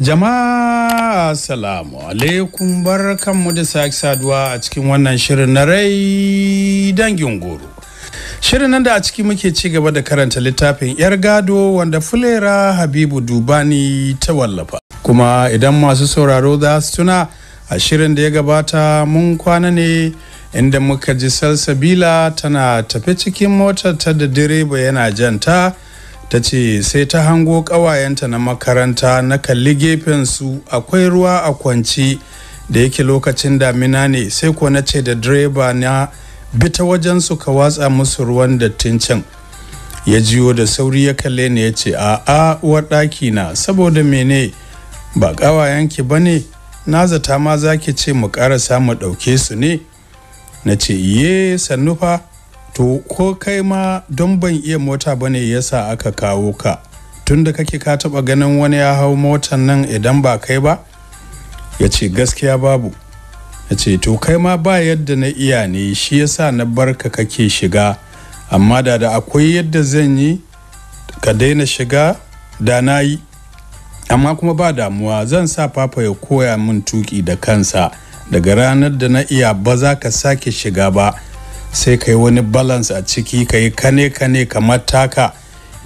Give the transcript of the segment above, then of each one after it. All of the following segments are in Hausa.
Jama'a salamu alaikum bar kanmu da sake saduwa a cikin wannan shirin na rai dangin goro. Shirin nan da a ciki muke ci gaba da karanta littafin 'yar gado wanda fulera Habibu Dubani ta wallafa. Kuma idan masu sauraro za su tuna a shirin da ya gabata mun kwana ne inda muka ji salsabila tana tafi cikin motar ta da direba yana janta. ta ce sai ta hango ƙawayenta na makaranta na kalli gefen su akwai ruwa a kwanci da yake lokacin damina ne sai ko na ce da direba na bita wajen su ka watsa musu ruwan dattin can ya jiyo da sauri ya kalle ni ya ce a a uwar ɗaki na saboda mene ba ƙawayenki ba ne na zata ma za ki ce mu ƙarasa mu ɗauke su ne na ce iye sannu fa to ko kai ma don ban iya mota bane yasa aka kawo ka tunda kake ka taba ganin wani ya hau motan nan idan ba kai ba ya ce gaskiya babu ya ce to kai ma ba yadda na iya ne shi yasa na barka kake shiga amma da da akwai yadda zan yi ka daina shiga da na yi amma kuma ba damuwa zan sa papa ya koya min tuki da kansa daga ranar da na iya ba za ka sake shiga ba sai ka yi wani balance a ciki ka yi kane kane kamar taka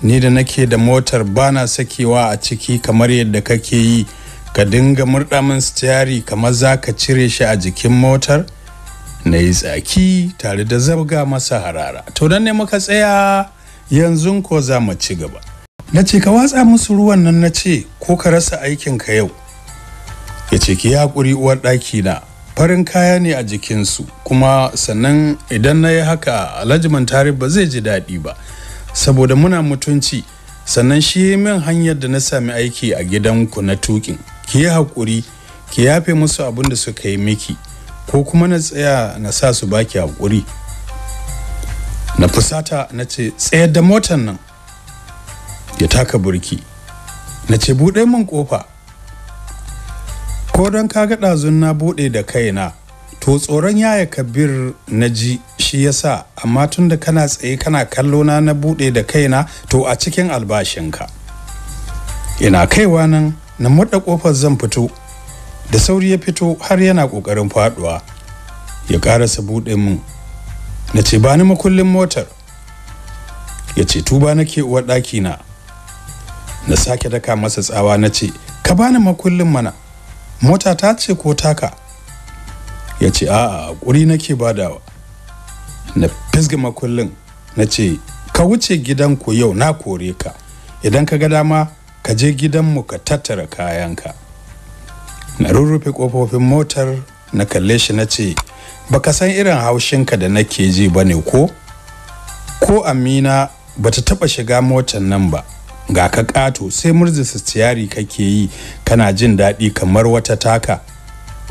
ni da nake da motar bana sakewa a ciki kamar yadda kake yi ka dinga murɗamin stiyari kamar za ka cire shi a jikin motar na yi tsaki tare da zabga masa harara to nan ne muka tsaya yanzu ko za mu ci gaba na ce ka watsa musu ruwan nan na ce ko ka rasa aikinka yau ya ce ki haƙuri uwar ɗaki na farin kaya ne a jikinsu kuma sannan idan na yi haka alhajiman mantari ba zai ji daɗi ba saboda muna mutunci sannan shi min hanyar da na sami aiki a gidanku na tukin ki yi haƙuri ki yafe musu abin da suka yi miki ko kuma na tsaya na sa su baki haƙuri na fusata na ce tsayar da motar nan ya taka burki na ce buɗe min ƙofa ko don ka ga ɗazun na buɗe da kaina to tsoron yaya kabir na ji shi yasa amma tun da kana tsaye kana kallo na na buɗe da kaina to a cikin albashinka ina kaiwa nan na muɗa ƙofar zan fito da sauri ya fito har yana ƙoƙarin faɗuwa ya ƙarasa buɗe mun na ce ba ni makullin motar ya ce tuba nake uwar ɗakina na sake daka masa tsawa na ce ka bani makullin mana mota ta ce ko taka ya ce a'a ƙuri nake badawa na fisga makullin na ce ka wuce gidanku yau na kore ka idan ka ga dama ka je gidanmu ka tattara kayanka na rurrufe kofofin motar na kalle shi na ce ba ka san irin haushinka da nake ji ba ne ko ko amina ba ta taɓa shiga motar nan ba ga ka kato sai murzi ciyari kake yi kana jin daɗi kamar wata taka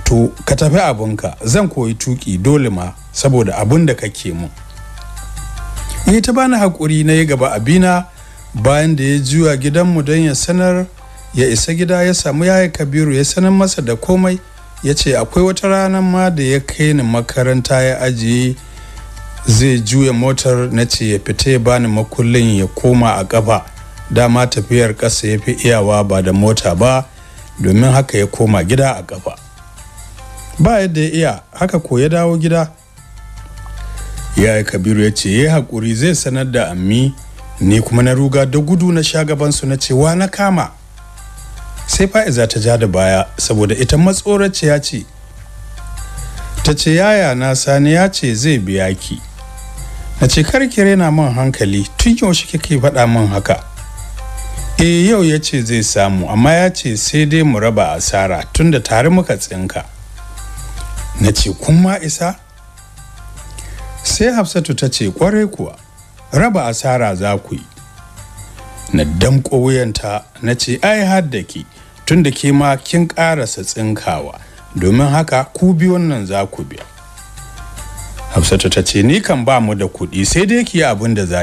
to ka tafi abunka zan koyi tuki dole ma saboda abun da kake mu. ya ta bani haƙuri na yi gaba abina bayan da ya juya gidanmu don ya sanar ya isa gida ya samu yayi kabiru ya sanar masa da komai ya ce akwai wata ranar ma da ya kai ni makaranta ya ajiye zai juya motar na ce ya fita ya bani makullin ya koma a ƙafa dama tafiyar ƙasa ya fi iyawa ba da mota ba domin haka ya koma gida a ƙafa ba yadda ya iya haka ko ya dawo gida yaya kabiru ya ce ya yi haƙuri zai sanar da ammi ni kuma na ruga da gudu na sha gabansu na cewa na kama sai fa'iza ta ja da baya saboda ita matsoraciya ce ta ce yaya na sani ya ce zai biya ki na ce kar rena hankali tun yaushe kike faɗa min haka eh yau yace zai samu amma yace sai dai mu raba asara tunda tare muka tsinka na ce kun ma isa sai hafsatu ta ce kwarai kuwa raba asara za ku yi na damƙo wuyanta na ce ai haddaki tunda ke ma kin karasa tsinkawa domin haka ku bi wannan za ku biya hafsatu ta ce ni kan ba mu da kuɗi sai dai ki yi abin da za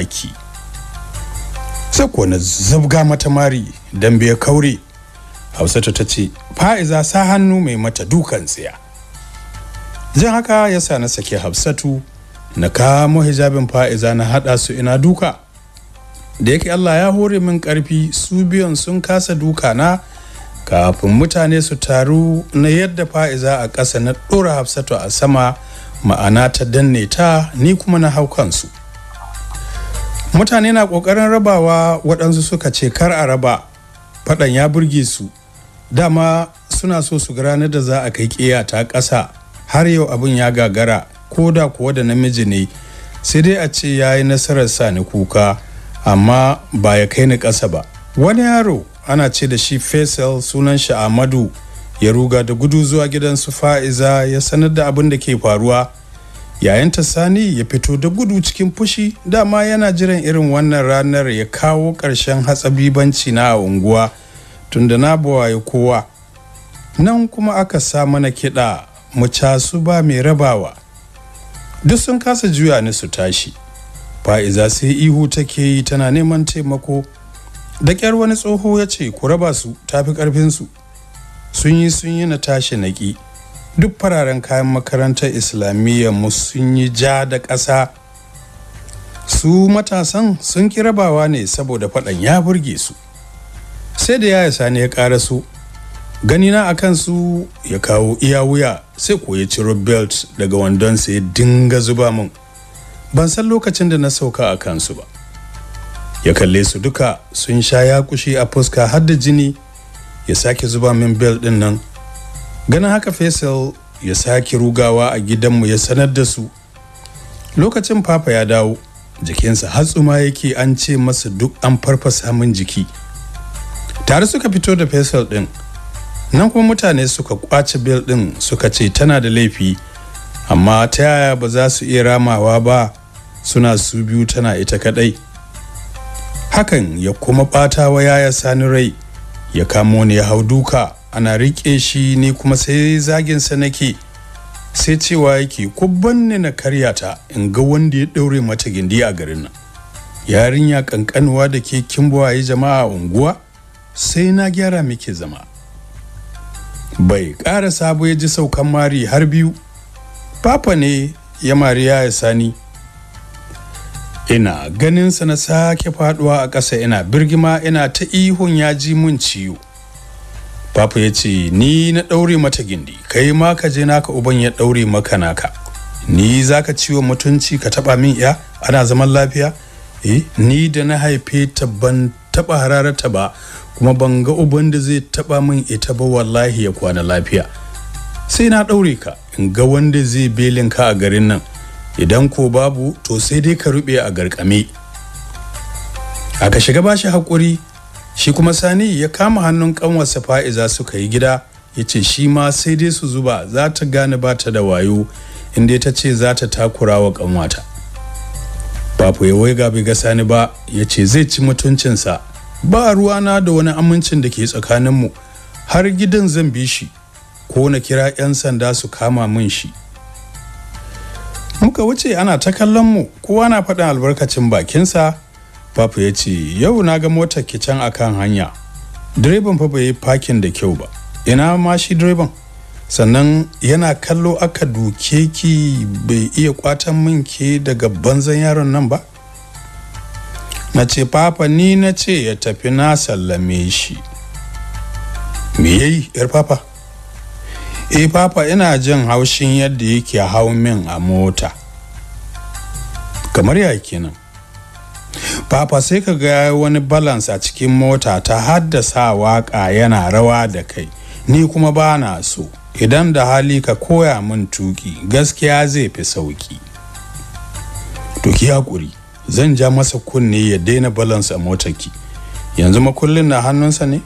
ita ko na zubga mata mari dan biya kaure hausatu ta ce fa'iza sa hannu mai mata dukan tsiya jin haka ya sa na sake hafsatu na kamo hijabin fa'iza na haɗa su ina duka da yake allah ya hore min ƙarfi su biyan sun kasa duka na kafin mutane su taru na yadda fa'iza a ƙasa na ɗora hafsatu a sama ma'ana ta danne ta ni kuma na hau kansu mutane na ƙoƙarin rabawa waɗansu suka ce kar a raba faɗan ya burge su dama suna so su ranar da za a kai ƙiya ta ƙasa har yau abin ya gagara ko da kuwa da namiji ne sai dai a ce ya yi nasarar sa ni kuka amma ba ya kai ni ƙasa ba wani yaro ana ce da shi faisal sunan shi ahmadu ya ruga da gudu zuwa gidan su fa'iza ya sanar da abin da ke faruwa yayanta sani ya fito da gudu cikin fushi dama yana jiran irin wannan ranar ya kawo ƙarshen hatsabibanci na a unguwa tunda na buwaye kowa nan kuma aka sa mana kiɗa mu casu ba mai rabawa duk sun kasa juya ni su tashi fa'iza sai ihu take yi tana neman taimako da ƙyar wani tsoho ya ce ku raba su tafi ƙarfinsu sun yi sun yi na tashi naƙi duk fararen kayan makarantar islamiyya mu sun yi ja da ƙasa su matasan sun rabawa ne saboda faɗan ya burge su sai da ya sani ya ƙara su Gani na a kansu ya kawo iya wuya sai ko ya ciro belt daga wandon sai ya dinga zuba min ban san lokacin da na sauka a kansu ba ya kalle su duka sun sha ya kushi a fuska har da jini ya sake zuba min belt din nan ganin haka faisal ya sake rugawa a gidanmu ya sanar da su lokacin papa ya dawo jikinsa hatsuma yake an ce masa duk an farfasa min jiki tare suka fito da faisal din nan kuma mutane suka kwace bil din suka ce tana da laifi amma ta yaya ba za su iya ramawa ba suna su biyu tana ita kaɗai. hakan ya kuma bata wa yaya sani rai ya kamo ne ya hau duka ana riƙe shi ni kuma sai zaginsa nake sai cewa yake kubban ne na karya ta in ga wanda ya ɗaure mata gindi a garin nan yarinya kankanuwa da ke yi jama'a unguwa sai na gyara miki zama bai ƙara sabo ya ji saukan mari har biyu papa ne ya mariya ya sani ina ganinsa na sake faduwa a ƙasa ina birgima ina ta ihun ya ji mun ciwo Papa ya ce ni na ɗaure mata gindi kai ma ka je naka uban ya ɗaure maka naka ni za ka ciwo mutunci ka taɓa min ya ana zaman lafiya eh ni da na haife ta ban taɓa hararta ba kuma ban ga uban da zai taɓa min ita ba wallahi ya kwana lafiya sai na ɗaure ka in ga wanda zai belin ka a garin nan idan ko babu to sai dai ka ruɓe a garkame ka shiga bashi haƙuri shi kuma sani ya kama hannun kanwarsa fa'iza suka yi gida ya ce shi ma sai dai su zuba za ta gane ba ta da wayo inda ta ce za ta takura wa kanwata babu ya wai bai ga sani ba ya ce zai ci mutuncinsa ba ruwana da wani amincin da ke tsakaninmu har gidan zan bi shi ko na kira 'yan sanda su kama min shi muka wuce ana ta kallon mu kowa na faɗin albarkacin bakinsa Papa ya ce yau na ga mota ki can kan hanya. Direban fa bai fakin da kyau ba. Ina ma shi direban? Sannan yana kallo aka duke ki bai iya kwatan min ke daga banzan yaron nan ba? Na ce papa ni na ce ya tafi na sallame shi. Me ya yi, yar papa? E papa ina jin haushin yadda yake hau min a mota. Kamar ya kenan. Papa sai ka ga wani balance a cikin mota ta haddasa waƙa yana rawa da kai, ni kuma ba na so, idan da hali ka koya min tuki gaskiya zai fi sauki. Tuki hakuri, zan ja masa kunne ya daina balance a motarki, yanzu makullin na hannunsa ne?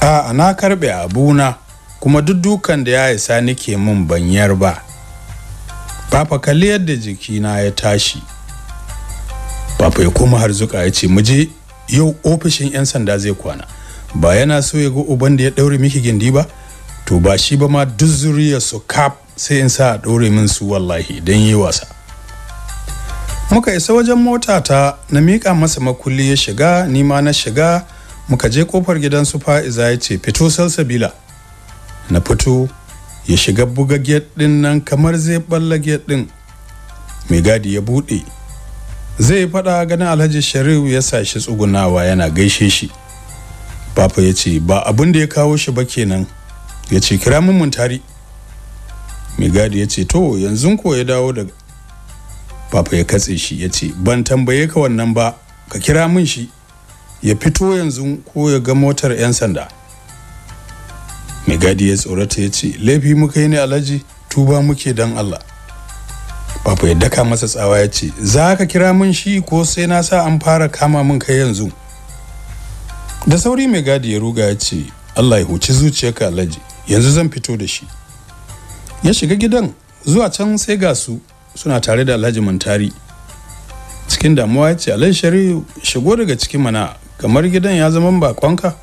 A'a na karɓe abuna kuma duk dukan da ya isa nike min banyar ba. Papa kalli yadda jikina ya tashi. Papa ya koma har harzuka ya ce mu je yau ofishin 'yan sanda zai kwana. Ba yana so ya ga uban da ya ɗaure miki gindi ba? To ba shi ba ma duk zuriyar su kaf sai in sa a ɗaure min su wallahi don yi wasa. Muka isa wajen mota ta na mika masa makulli ya shiga ni ma na shiga muka je kofar gidan su fa'iza ya ce fito salsabila. Na fito ya shiga buga get ɗin nan kamar zai balla get ɗin. Mai gadi ya buɗe zai faɗa ganin alhaji sharif ya sa shi tsugunawa yana gaishe shi papa ya ce ba abin da ya kawo shi ba kenan ya ce kira min muntari mai gadi ya ce to yanzu ko ya dawo daga papa ya katse shi ya ce ban tambaye ka wannan ba ka kira min shi ya fito yanzu ko ya ga motar 'yan sanda mai gadi ya tsorata ya ce laifi muka yi ne alhaji tuba muke dan allah wato ya daka masa tsawa ya ce, "Za ka kira mun shi ko sai na sa an fara kama mun kai yanzu?" Da sauri mai gadi ya ruga ya ce, "Allah ya huci zuciyarka Alhaji, yanzu zan fito da shi." Ya shiga gidan zuwa can sai ga su suna tare da Alhaji Mantari. Cikin damuwa ya ce, "Alhaji Shari'u, shigo daga cikin mana, kamar gidan ya zama bakonka."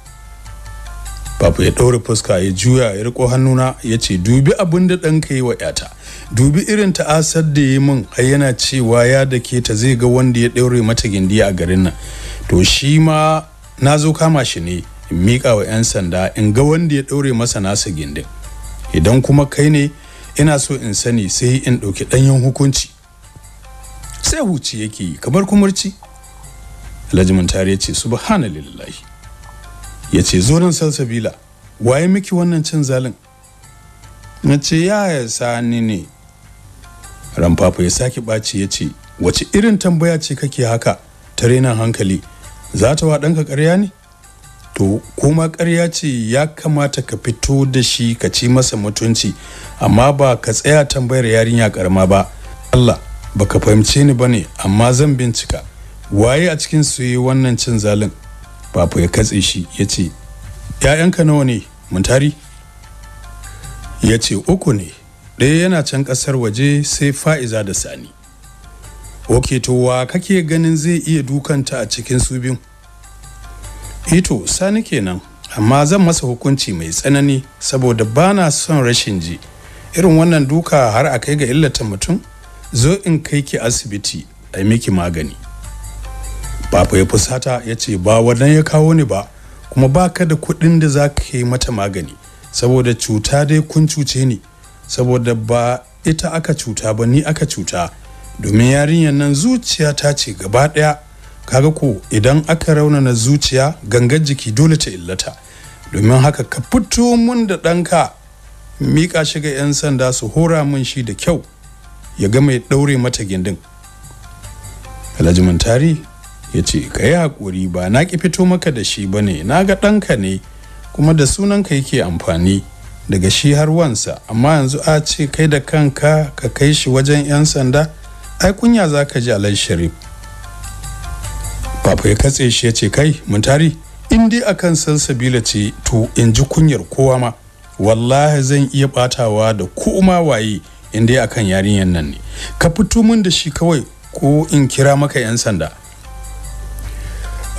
Babu ya ɗaure fuska ya juya ya riko hannuna ya ce, "Dubi abin da ɗanka yi wa 'yata." dubi irin ta'asar da yi min ai yana cewa ya da ke ta zai ga wanda ya ɗaure mata gindi a garin nan to shi ma na zo kama shi ne in miƙa wa 'yan sanda in ga wanda ya ɗaure masa nasa gindin idan kuma kai ne ina so in sani sai in ɗauki ɗanyen hukunci sai huci yake yi kamar kumurci alhaji muntari ya ce subhanallahi ya ce zo salsabila waye miki wannan cin zalin na ce ya sani ne Ramfafa ya sake ɓaci ya ce, wace irin tambaya ce kake haka ta renan hankali, za ta wa ɗanka ƙarya ne? To, kuma karya ce ya kamata ka fito da shi ka ci masa mutunci, amma ba ka tsaya tambayar yarinya ƙarama ba. Allah, Ba ka fahimce ni ba ne, amma zan bincika. Waye a cikin su yi wannan cin zalin? Papa ya katse shi ya ce, ‘ya'yanka nawa ne, Muntari? Ya ce, uku ne. ɗaya yana can ƙasar waje sai fa'iza da sani oke to wa kake ganin zai iya dukanta a cikin su biyu ito e sani kenan amma zan masa hukunci mai tsanani saboda ba na son rashin ji irin wannan duka har a kai ga illata mutum zo in kai ki asibiti a miki magani bafa ya fusata ya ce ba wannan ya kawo ni ba kuma baka da kuɗin da za ka yi mata magani saboda cuta dai kun cuce ni saboda ba ita aka cuta ba ni aka cuta domin yarinyar nan zuciya ta ce gaba ɗaya kaga ko idan aka raunana zuciya gangar jiki dole ta illata domin haka ka fito mun da ɗanka miƙa shi ga 'yan sanda su hora mun shi da kyau ya ga mai ɗaure mata gindin alhaji mantari ya ce ka yi haƙuri ba na ki fito maka da shi ba ne na ga ɗanka ne kuma da sunanka yake amfani daga shi har wansa amma yanzu a ce kai da kanka ka kai shi wajen 'yan sanda ai kunya za ka ji alai sharif papa ya katse shi ya ce kai muntari in dai akan sabila ce to in ji kunyar kowa ma wallahi zan iya batawa da kuma waye in dai akan yarinyar nan ne ka fito min da shi kawai ko in kira maka 'yan sanda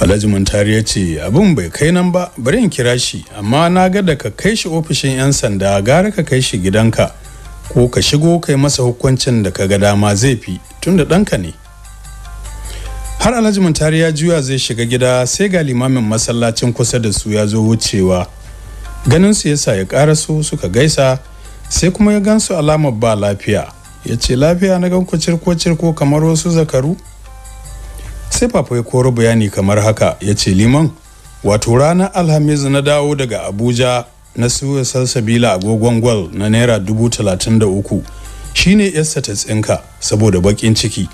alhaji muntari ya ce abin bai kai nan ba bari in kira shi amma na ga da ka kai shi ofishin 'yan sanda gara ka kai shi gidanka ko ka shigo kai masa hukuncin da ka ga dama zai fi tun da ɗanka ne har alhaji muntari ya juya zai shiga gida sai ga limamin masallacin kusa da su ya zo wucewa ganin su yasa ya karaso suka gaisa sai kuma ya gansu alamar ba lafiya ya ce lafiya na gan ku cirko cirko kamar wasu zakaru sai papa ya koro bayani kamar haka ya ce liman wato ranar alhamis na dawo daga abuja na siyo salsabila agogon gwal na naira dubu talatin da uku shine yasta ta tsinka saboda bakin ciki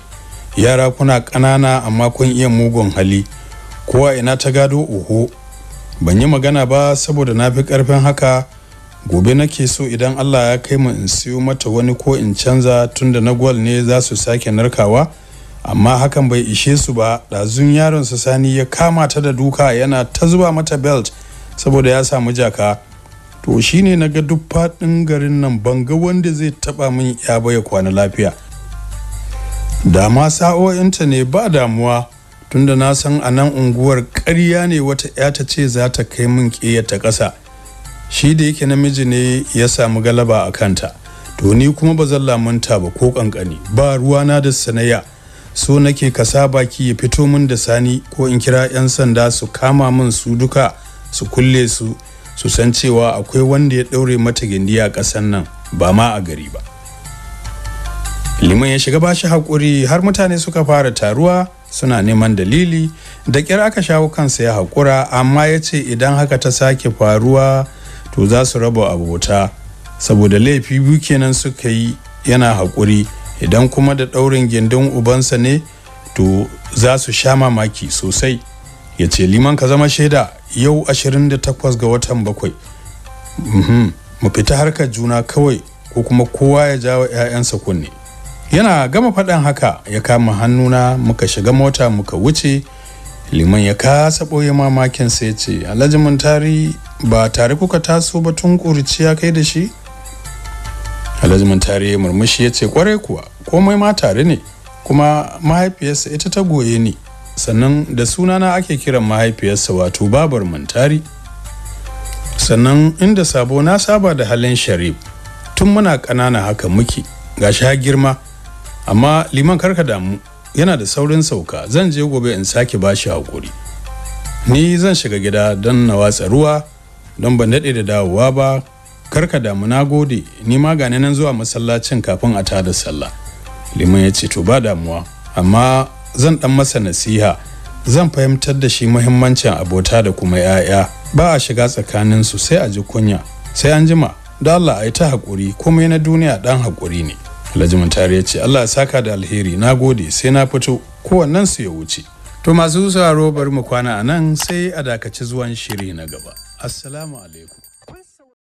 yara kuna ƙanana amma kun iya mugun hali kowa ina ta gado oho ban yi magana ba saboda na fi ƙarfin haka gobe nake so idan allah ya kai mu in siyo mata wani ko in canza tunda na gwal ne za su sake narkawa amma hakan bai ishe su ba ɗazun yaron sa sani ya kama ta da duka yana ta zuba mata belt saboda ya samu jaka to shine na ga duk faɗin garin nan ban wanda zai taɓa min ya baya kwana lafiya da ma sa'o'inta ne ba damuwa tunda na san a nan unguwar ƙarya ne wata 'ya ta ce za ta kai min ƙiyata ƙasa shi da yake namiji ne ya samu galaba a kanta to ni kuma ba zan lamunta ba ko ƙanƙani ba ruwana da sanaya so nake kasa baki ya fito min da sani ko in kira 'yan sanda su kama min su duka su kulle su su san cewa akwai wanda ya ɗaure mata gindi a ƙasan nan ba ma a gari ba liman ya shiga bashi haƙuri har mutane suka fara taruwa suna neman dalili da ƙyar aka shawo kansa ya haƙura amma ya ce idan haka ta sake faruwa to za su raba abota saboda laifi biyu kenan suka yi yana haƙuri idan kuma da ɗaurin gindin ubansa ne to za su sha mamaki sosai ya ce liman ka zama shaida yau 28 ga watan bakwai mhm, mu fita harkar juna kawai ko kuma kowa ya jawo 'ya'yansa kunne yana gama faɗan haka ya kama hannuna muka shiga mota muka wuce liman ya kasa ɓoye mamakinsa sai ce alhaji tari ba tare kuka taso ba tun ƙuriciya kai da shi alhajimin tare murmushi ya ce kwarai kuwa komai ma tare ne kuma mahaifiyarsa ita ta goye ni sannan da sunana ake kiran mahaifiyarsa wato babar mantari sannan inda sabo na saba da halin sharif tun muna ƙanana haka muke gashi ha girma amma liman karka damu yana da saurin sauka zan je gobe in sake bashi hakuri ni zan shiga gida don na watsa ruwa don ban daɗe da dawowa ba karka damu na gode ni ma gane nan zuwa masallacin kafin a tada sallah liman ya ce to ba damuwa amma zan dan masa nasiha zan fahimtar da shi muhimmancin abota da kuma 'ya'ya ba a shiga tsakanin su sai a ji kunya sai an jima da Allah a yi ta haƙuri komai na duniya dan haƙuri ne Alhaji Muntari ya ce Allah ya saka da alheri na gode sai na fito kowannen su ya wuce to masu sauraro bari mu kwana a nan sai a dakaci zuwan shiri na gaba assalamu alaikum